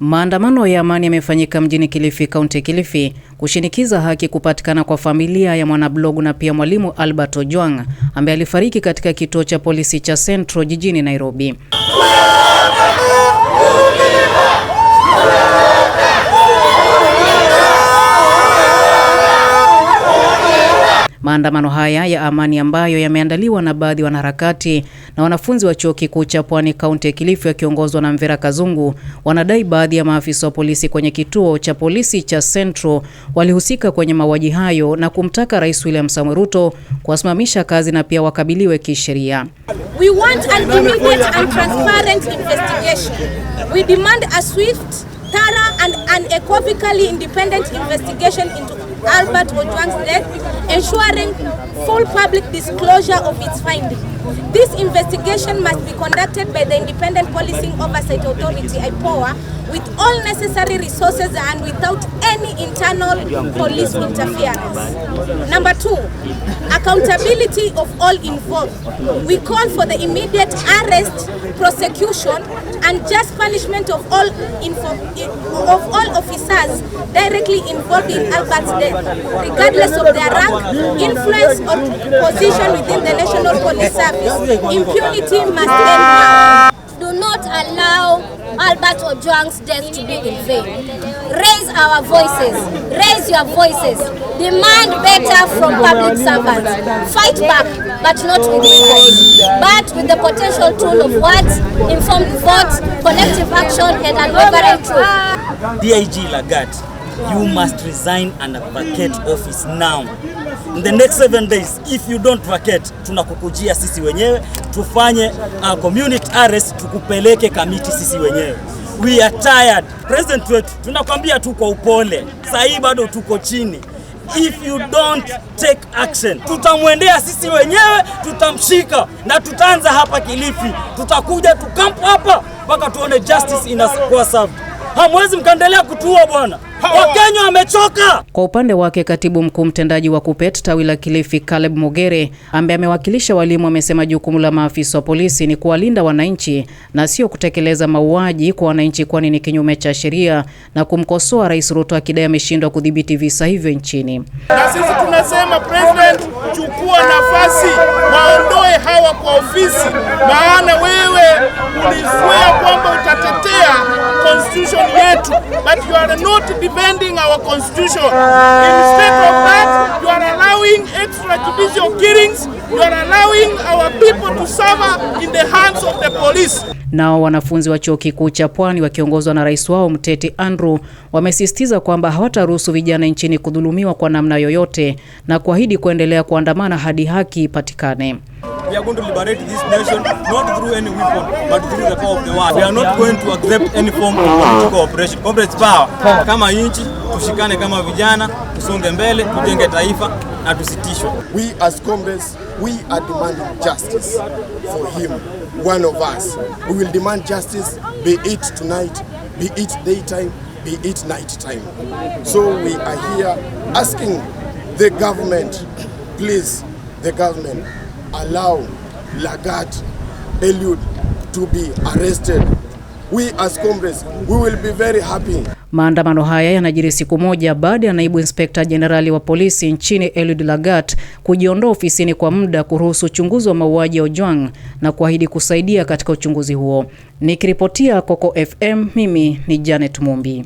Maandamano ya amani yamefanyika mjini Kilifi, kaunti Kilifi, kushinikiza haki kupatikana kwa familia ya mwanablogu na pia mwalimu Albert Ojwang ambaye alifariki katika kituo cha polisi cha Central jijini Nairobi. Maandamano haya ya amani ambayo yameandaliwa na baadhi ya wanaharakati na wanafunzi wa chuo kikuu cha Pwani kaunti ya Kilifi wakiongozwa na Mvera Kazungu wanadai baadhi ya maafisa wa polisi kwenye kituo cha polisi cha Central walihusika kwenye mauaji hayo na kumtaka Rais William Samoei Ruto kuwasimamisha kazi na pia wakabiliwe kisheria. We want an immediate and transparent investigation. We demand a swift, thorough and unequivocally independent investigation into Albert Ojwang's death, ensuring full public disclosure of its findings. This investigation must be conducted by the Independent Policing Oversight Authority, IPOA, with all necessary resources and without any police interference. Number two, accountability of all involved. We call for the immediate arrest, prosecution, and just punishment of all of all officers directly involved in Albert's death, regardless of their rank, influence, or position within the National Police Service. Impunity must end. Albert Ojwang's death to be in vain. Raise our voices. Raise your voices. Demand better from public servants. Fight back, but not with rhetoric, but with the potential tool of words, informed vote, collective action, and an overall truth. DIG Lagat you must resign and vacate office now in the next seven days if you don't vacate, tunakukujia sisi wenyewe tufanye a uh, community arrest tukupeleke kamiti sisi wenyewe. We are tired. President wetu tunakwambia tu kwa upole, saa hii bado tuko chini. If you don't take action, tutamwendea sisi wenyewe, tutamshika na tutaanza hapa Kilifi, tutakuja tukampu hapa mpaka tuone justice inakuwa served hamwezi mkaendelea kutua bwana. Wakenya wamechoka. Kwa upande wake, katibu mkuu mtendaji wa KUPPET tawi la Kilifi, Caleb Mogere, ambaye amewakilisha walimu, amesema jukumu la maafisa wa polisi ni kuwalinda wananchi na sio kutekeleza mauaji kwa wananchi, kwani ni kinyume cha sheria, na kumkosoa Rais Ruto akidai ameshindwa kudhibiti visa hivyo nchini. Na sisi tunasema president, chukua nafasi, waondoe hawa kwa ofisi, maana wewe uliswea kwamba utatetea constitution yetu, but you are not defending our constitution. Instead of that, you are allowing extrajudicial killings, you are allowing our people to suffer in the hands of the police. Nao wanafunzi wa chuo kikuu cha Pwani wakiongozwa na rais wao Mteti Andrew wamesisitiza kwamba hawataruhusu vijana nchini kudhulumiwa kwa namna yoyote na kuahidi kuendelea kuandamana hadi haki ipatikane. We are going to liberate this nation not through any weapon but through the power of the word. We are not going to accept any form of political oppression. power. Kama nchi tushikane, kama vijana tusonge mbele, tujenge taifa atusitishwe. We as Congress, we are demanding justice for him, one of us. We will demand justice, be it tonight, be it daytime, be it night time. So we are here asking the government, please, the government, allow Lagat Eliud to be arrested. We as Congress, we will be very happy. Maandamano haya yanajiri siku moja baada ya naibu inspekta jenerali wa polisi nchini Eliud Lagat kujiondoa ofisini kwa muda kuruhusu uchunguzi wa mauaji ya Ojwang na kuahidi kusaidia katika uchunguzi huo. Nikiripotia Coco FM, mimi ni Janet Mumbi.